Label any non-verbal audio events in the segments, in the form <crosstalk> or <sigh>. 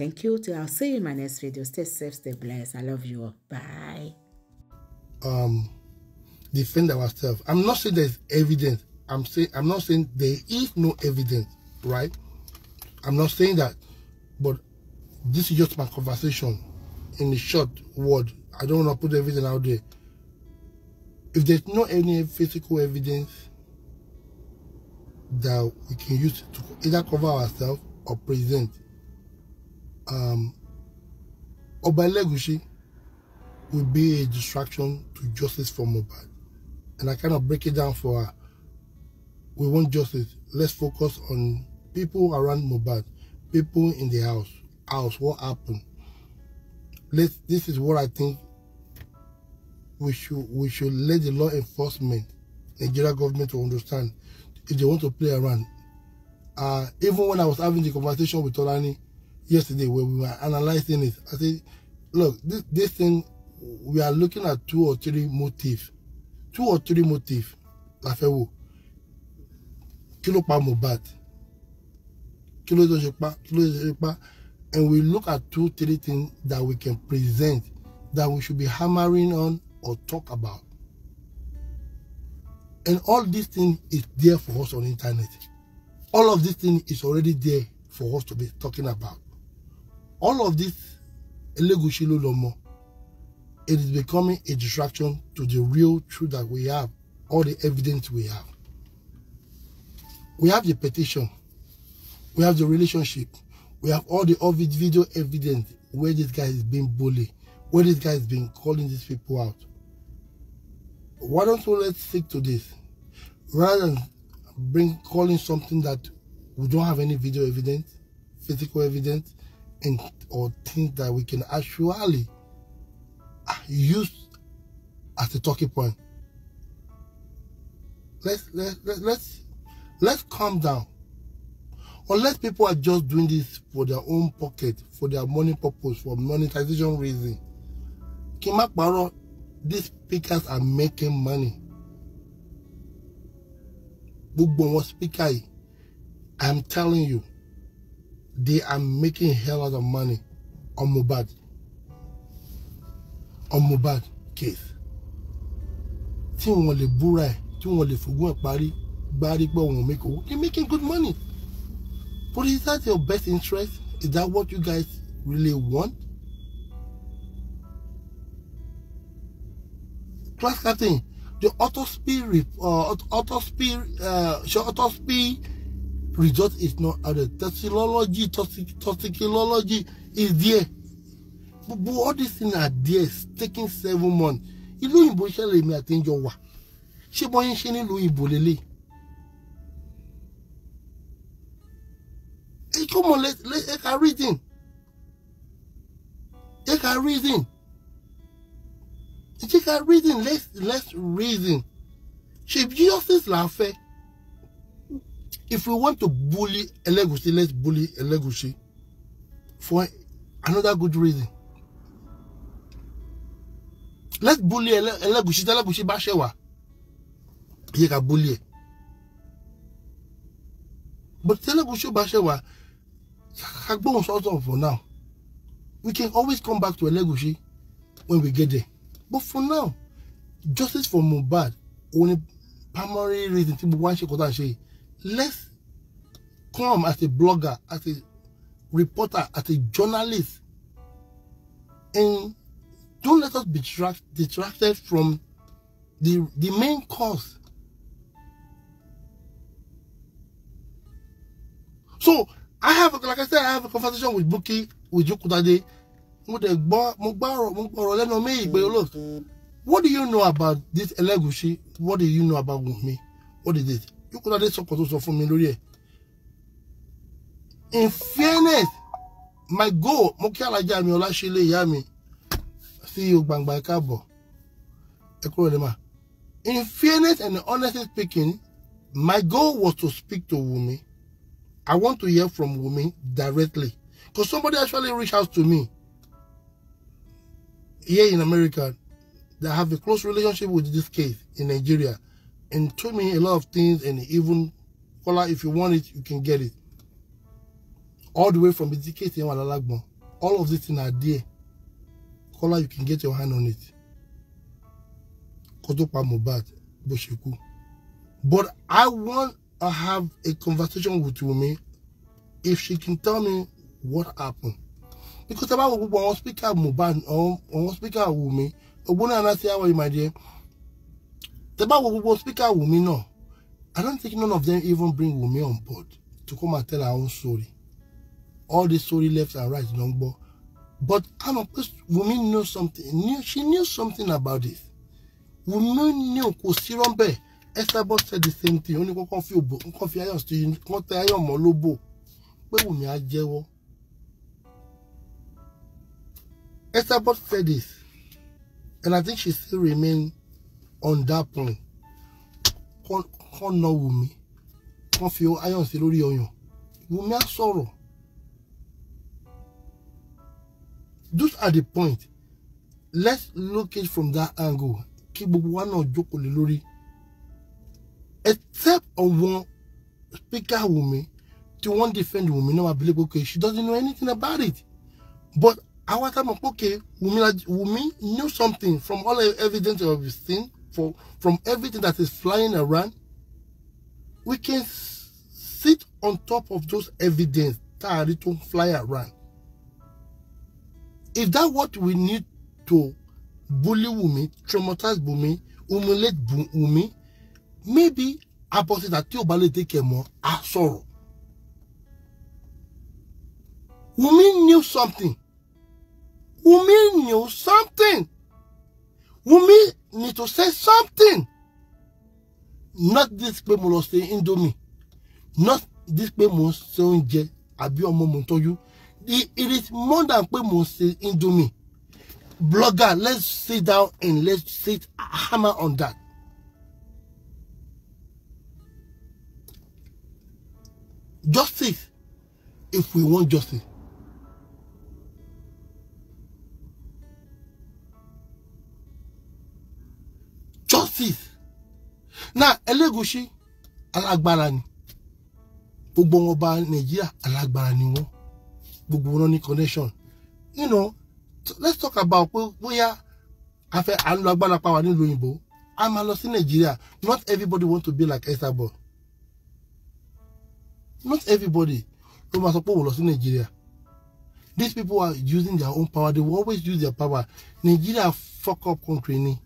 Thank you. Till I'll see you in my next video. Stay safe, stay blessed. I love you all. Bye. Um, defend ourselves. I'm not saying there's evidence. I'm saying I'm not saying there is no evidence, right? I'm not saying that, but this is just my conversation in a short word. I don't want to put everything out there. If there's no any physical evidence that we can use to either cover ourselves or present um, Oba Elegushi will be a distraction to justice for Mobad, And I kind of break it down for her. We want justice. Let's focus on people around Mobad, people in the house, house, what happened. Let this is what I think we should we should let the law enforcement, Nigeria government to understand if they want to play around. Uh, even when I was having the conversation with Tolani, yesterday when we were analyzing it. I said, look, this, this thing, we are looking at two or three motifs. Two or three motifs. Lafewo. Kilo pa Mohbad. Kilo pa, kilo pa. And we look at two, three things that we can present that we should be hammering on or talk about. And all these things is there for us on internet. All of this thing is already there for us to be talking about. all of this Elegushi Lulomo, it is becoming a distraction to the real truth that we have, all the evidence we have. We have the petition, we have the relationship, we have all the obvious video evidence where this guy is being bullied, where this guy is being calling these people out. Why don't we let's stick to this rather than bring calling something that we don't have any video evidence, physical evidence, and or things that we can actually ah, use as a talking point. Let's let, let, let's let's calm down. Unless people are just doing this for their own pocket, for their money purpose, for monetization reason. Kimakbaro, these speakers are making money. Gbogbo was speaker i I'm telling you, they are making hell out of money on Mubad. On Mubad case. Tí wọ́n lè búra ẹ̀ tí wọ́n lè fògùn ẹ̀ parí gbárí pé wọ́n make owó. They making good money. But is that your best interest? Is that what you guys really want? Class captain, the auto autospeed, uh, autospeed, uh, autospeed result is not added. Toxicology, toxic, toxicology is there. But, but all these things are there, taking seven months. Ìlú òyìnbó ṣẹlẹ̀ èmi àti ìjọ wà. Ṣé bọ́ yín ṣe nílùú ìbò lélẹ̀? Ẹ kọ́ mọ̀ ẹ ka reason. Ẹ ka reason. Ẹ jẹ́ reason let's let's reason. Ṣé Jesus là ń fẹ́? If we want to bully Elegushi, let's bully Elegushi for another good reason. Let's bully Elegushi. Elegushi bá He can bully e. But Elegushi bá ṣe wà. Kagbon for now. We can always come back to Elegushi when we get there. But for now, justice for Mubad, only primary reason tí gbogbo wa ń ṣe kọ́tà ṣe let's come as a blogger, as a reporter, as a journalist, and don't let us be distracted from the, the main cause. So I have, like I said, I have a conversation with Buki, with Yokudade. Hmm. What do you know about this Elegushi? What do you know about me? What is it? Yókùnládé sọ̀kọ̀ tó sọ fún mi lórí ẹ̀. in fairness my goal mo kí alájà mi ọláṣẹ́lẹ̀ ìyá mi sí iyo e gbangba ẹ̀ka bọ̀ ẹ kúrò lè mà. in fairness and honestly speaking my goal was to speak to Wunmi I want to hear from Wunmi directly because somebody actually reached out to me here in America that have a close relationship with this case in Nigeria and told me a lot of things and even Kola, if you want it, you can get it. All the way from BTK to Walalagbon. All of these things a day. Kola, you can get your hand on it. Kotopa Mubad, Boshiku. But I want to have a conversation with Wumi if she can tell me what happened. Because about Wumi, speaker Mubad, or speaker Wumi, Obuna and I say, how are you, my dear? The tẹ́ will speak out speaker me náà I don't think none of them even bring Wumi on board to come and tell our own story all the story left and right ló ń gbọ́ but àmọ́ pé Wumi know something knew, she knew something about this Wumi knew kò sí rọ́ńbẹ́ Esabod said the same thing ó ní kọ́kọ́ fi òbò kọ́ fi ayọ̀ sí kọ́ tẹ ayọ̀ mọ́ lóbò pé Wumi á jẹ́wọ́ Esabod said this and I think she still remains on that point kán na wumi kán fi iron sí lórí ọyàn Wùmí á sọ̀rọ̀ those are the point let's look it from that angle kí gbogbo wa náà jókòó lé lórí except àwọn speaker wumi tí wọ́n defend wumi. náà wà bílẹ̀ pé okay she doesn't know anything about it but àwọn táwọn pé okay wumi Wùmí knew something from all evidence of his thing for, from everything that is flying around, we can sit on top of those evidence that are to fly around. If that what we need to bully women, traumatize women, humiliate women, maybe opposite that you o take more á sorrow. Women knew something. Women knew something. Women need to say something not this pé mo lọ ṣe indomie not this pé mo ṣe oúnjẹ àbí ọmọ mo ń tọ́jú it is more than pé mo ṣe indomie blogger let's sit down and let's sit hammer on that. justice if we want justice teeth now Elegushi alágbára ni gbogbo wọn ọba Nàìjíríà alágbára ni wọn gbogbo wọn ní connection you know let's talk about pé bóyá afẹ́ à ń lo agbára pa wà nílùú òyìnbó a máa lọ sí Nàìjíríà not everybody want to be like Esabod not everybody ló máa sọ pé òun lọ sí Nàìjíríà these people are using their own power they always use their power Nigeria fuck up country ni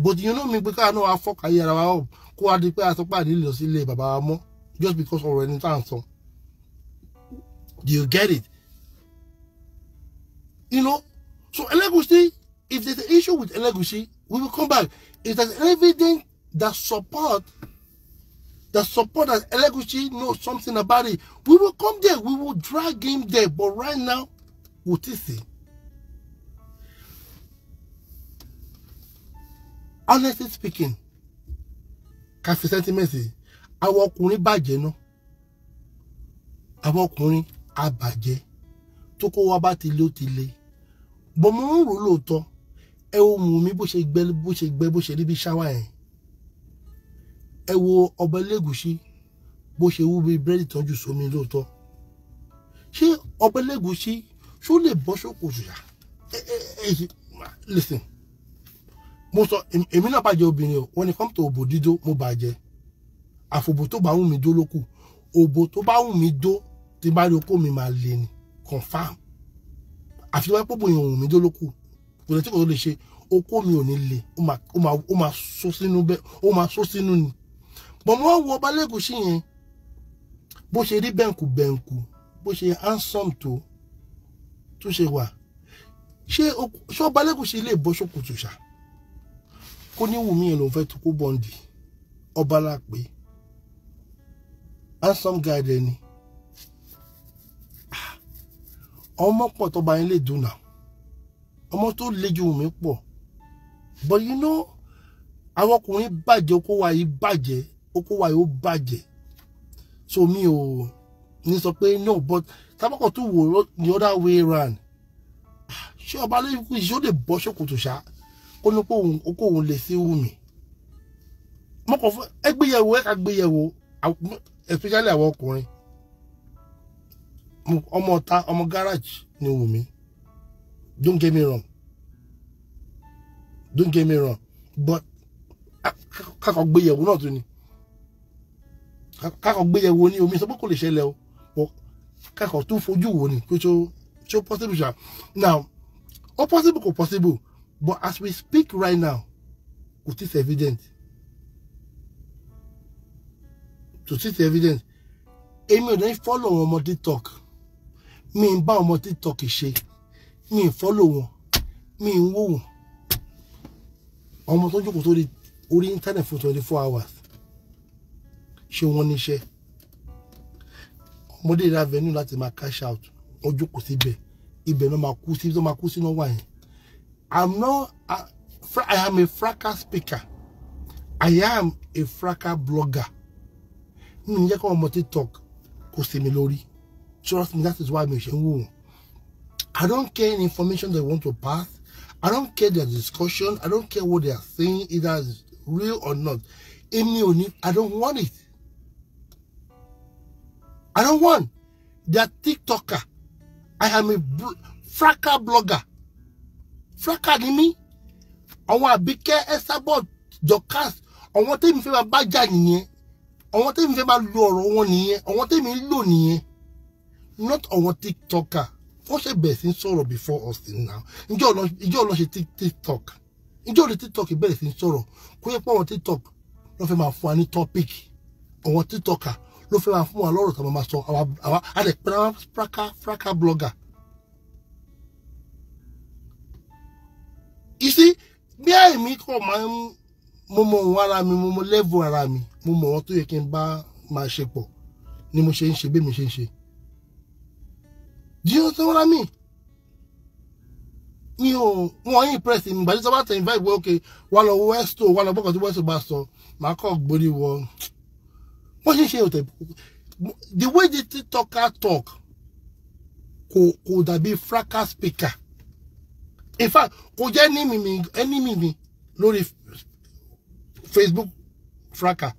but you know mi pé káà náà afọ́ka yẹ ara wa ọ̀ kó wá di pé àtọ́pá nílò sí ilé bàbá wa mọ́ just because ọ̀rọ̀ ẹni tá à ń sọ do you get it you know so Elegushi if there's an issue with Elegushi we will come back if there's everything that support that support that Elegushi knows something about it we will come there we will drag him there but right now we we'll still see honestly speaking ká fi sentiment sí àwọn ọkùnrin bàjẹ́ náà àwọn ọkùnrin àbàjẹ́ tó kó wá bá ti lé ó ti lé bọ́n mo ń rò lóòótọ́ ẹ wo Wùnmí bó ṣe gbẹ bó ṣe gbẹ bó ṣe rí bí ṣáwá yẹn ẹ wo ọba Elégùṣì bó ṣe wú bí búrẹ́dì tọ́jú sómi lóòótọ́ ṣé ọba Elégùṣì ṣó lè bọ́ ṣòkòtò yá ẹ ẹ ẹ listen mo sọ èmi náà bàjẹ́ obìnrin o wọ́n ní kọ́mpútà òbò dídó mo bàjẹ́ àfòbò tó bá wù mí dó lókù òbò tó bá wù mí dó tí bá rí okó mi máa lè ní confam àfi tó bá pọ̀ bóyá òun mi dó lókù kò lè tí kò tó lè ṣe okó mi ò ní lè ó máa só sínú bẹ́ẹ̀ ó máa só sínú ni bọ̀mọ́ wo Ọbalẹ́gùṣì yẹn bó ṣe rí bẹ́ǹkù bẹ́ǹkù bó ṣe handsome tó tó ṣe wà ṣé Ọbalẹ́gùṣì lè bọ́ ṣòkòtò ṣáà ó ní Wùmí yẹn lòun fẹ́ tukú bọ́ǹdì ọba lápè handsome guy dẹ ni ọmọ pọ̀ tọba yẹn lè dùn ọmọ tó le ju Wùmí pọ̀ but you know àwọn ọkùnrin bàjẹ́ okó wa yìí bàjẹ́ okó wa yìí ó bàjẹ́ so mi ò ní sọ pé no but tábàkọ̀ tó wò ó the other way round ah, ṣé ọba lóyún kú ìṣó lè bọ́ ṣòkòtò ṣáá ó ní kó òun lè sí Wùmí mo kàn fún ẹgbéyẹ̀wò ẹ̀ka gbéyẹ̀wò especially àwọn ọkùnrin ọmọ ọ̀tá ọmọ garage ni Wùmí don't get me wrong don't get me wrong but kakọ gbéyẹ̀wò náà tún ni kakọ gbéyẹ̀wò ni omi sọ kò lè ṣẹlẹ̀ o kakọ tó fojú wò ni pé tó possible now ó possible kò possible But as we speak right now, it is evident. To see the evidence, èmi ò follow wọn ọmọ TikTok. me ń bá ọmọ TikTok is she, me follow wọn. Mi ń wò I'm Ọmọ tó jókòó sórí orí internet for 24 hours. Ṣé wọ́n níṣẹ́? Ọmọdé ra venue that's my cash out. I'm jókòó síbẹ̀. Ibẹ̀ náà máa kú sí tó máa kú sínú wà yẹn. I'm not, a, I am a fraka speaker. I am a fraka blogger. Mi ń jẹ́ kí wọ́n mọ TikTok kò sí Trust me, that is why I'm saying. ṣe I don't care any information they want to pass. I don't care their discussion. I don't care what they are saying, either it's real or not. Èmi ò I don't want it. I don't want. They are TikToker. I am a fracker blogger fúlákà ni mí àwọn àbíkẹ́ Esabod Dorkas àwọn tèmi fẹ́ máa bá jà nìyẹn àwọn tèmi fẹ́ máa lo ọ̀rọ̀ wọn nìyẹn àwọn tèmi ń lò nìyẹn not àwọn tiktoker wọ́n ṣe bẹ̀rẹ̀ sí sọ̀rọ̀ before us till now ìjọ́ ọ̀nà ṣe tiktok ìjọ́ ọ̀nà tiktok bẹ̀rẹ̀ sí sọ̀rọ̀ kó yẹ pé àwọn tiktok ló fẹ́ máa fún wa ní topic àwọn tiktoker ló fẹ́ máa fún wa lọ́rọ̀ tó máa sọ àwọn àdẹ̀pẹ̀rẹ̀ fraka fraka blogger you see bí àìmí kọ̀ máa ń mo mọ òun ara mi mo mọ lẹ́vù ara mi mo mọ ohun tó yẹ kí n bá máa ṣe pọ̀ ni mo ṣe ń ṣe bí mi ṣe ń ṣe do you know what I mean mi ò wọ́n yín press mi gbàdúrà sábà tẹ̀ invite wọ́n okay wà lọ wẹ́stò wà lọ bọ́kàn tí wẹ́stò bá sọ màá kọ́ gbórí wọ wọ́n ṣe ń ṣe òtẹ̀ the way the tiktoker talk kò kò dàbí fracas speaker in fact kò jẹ́ enemy mi enemy mi lórí facebook fraka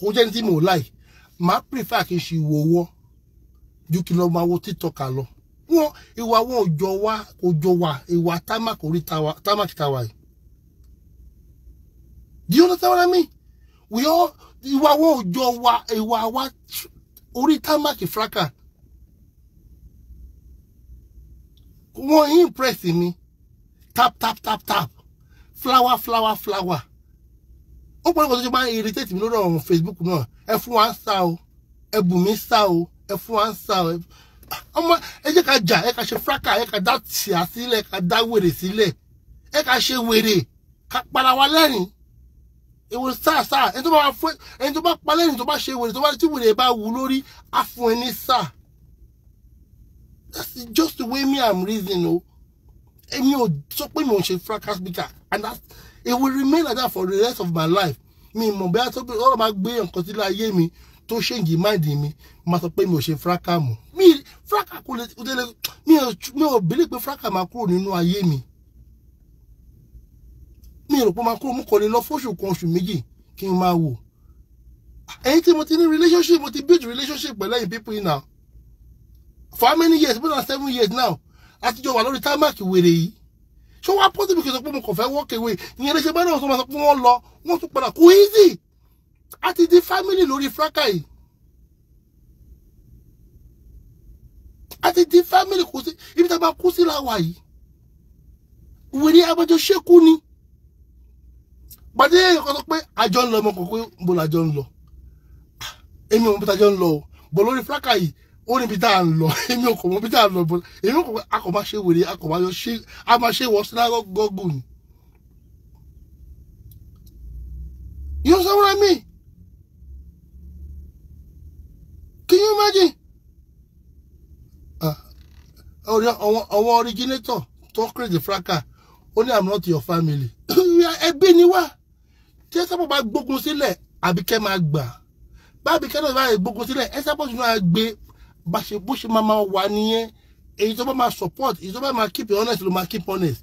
kò jẹ́ ní tí mo láì máa prefer kí n ṣe ìwò owó ju kí n lọ máa wo tiktok lọ wọn ìwà wọn ò jọ wá wa. ìwà támàkì orí támàkì táwa yìí do you understand what I mean we all ìwà wọn ò wa, wá ìwà wa orí támàkì fraka wọ́n impress mi tap tap tap tap flower flower flower ó pọ̀ nípa tó ṣe máa ń irritate mi lórí ọ̀run Facebook náà ẹ fún wa ń sá o ẹ bù mí sá o ẹ fún wa ń sá o ọmọ ẹ jẹ́ ká jà ẹ ká ṣe fúráká ẹ ká dá tìá sílẹ̀ ẹ ká dá wèrè sílẹ̀ ẹ ká ṣe wèrè ká para wa lẹ́rìn ìwò sáà sáà ẹni tó bá pa lẹ́rìn tó bá ṣe wèrè tó bá tí wèrè bá wù lórí á fún ẹ ní sáà that's just the way me i'm reasoning o oh. èmi ò sọ pé mi ò ṣe fracas bitter and that it will remain like that for the rest of my life mi mọ̀ bóyá tó pé ọ̀rọ̀ máa gbé nǹkan sílé ayé mi tó ṣèǹgì máìdì mi máa sọ pé mi ò ṣe fracas mọ́ mi fracas kò lè mi ò mi ò bèlè pé fracas máa kúrò nínú ayé mi mi rò pé máa kúrò mú kọ́ lè lọ fóṣù kan oṣù méjì kí n máa wò ẹ̀yin tí mo ti ní relationship mo ti build relationship pẹ̀lú ẹ̀yin people in now for how many years more than seven years now àtijọ́ wà lórí támákì wèrè yìí ṣé wàá pọ́sibú kí n sọ pé mo kàn fẹ́ walk away ìyẹn lè ṣe bá náà sọ ma sọ pé wọ́n lọ wọ́n tún padà kú easy a di family lórí fraka yìí a ti di family kù sí ibi tá a bá kú sí láwa yìí wèrè abájọ ṣékú ni gbàdé èèyàn kan sọ pé àjọ ń lọ ọmọ kò pé mo làjọ ń ah, èmi ò mọ bí tájọ ń lọ o lórí fraka yìí ó níbi tá à lọ <laughs> èmi ò kò mọ bí tá à lọ bọ èmi kò a kò máa ṣe wèrè a kò máa yọ ṣe a máa ṣe wọ sínágọ́gù ni. You understand what I mean? Can you imagine? Àwọn ah, originator tó create fraka ó ní I'm not your family. <coughs> Ẹbí ni wá. Tí ẹ sábà bá gbógun sílẹ̀, àbíkẹ́ máa gbà. Bá àbíkẹ́ náà bá gbógun sílẹ̀, ẹ sábà tún máa gbé bá ṣe bó ṣe máa máa wà nìyẹn èyí tó bá máa support èyí tó bá máa keep you honest ló máa keep honest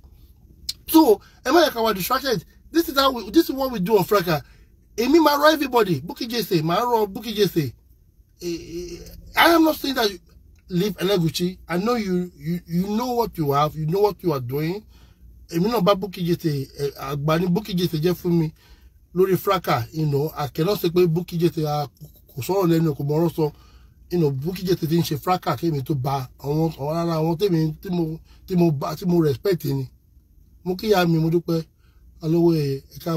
so ẹ má yẹ ká wà distracted this is how we this is what we do on Fraka. èmi máa rọ everybody Bukky Jesse máa rọ Bukky Jesse eh, eh, I am not saying that you leave Elegushi I know you you you know what you have you know what you are doing èmi náà bá Bukky Jesse eh, àgbà ní Bukky Jesse jẹ́ fún mi lórí Fracas you know I cannot say pé Bukky Jesse ah, kò sọ̀rọ̀ lẹ́nu kò mọ̀ọ́rọ̀ sọ. So, you Bukky Jay ti fi ń ṣe fraka kémi tó ba àwọn àwọn ara àwọn tèmi tí mo respect ni mo kíyà mi mo dúpẹ́ alówó ẹ̀ka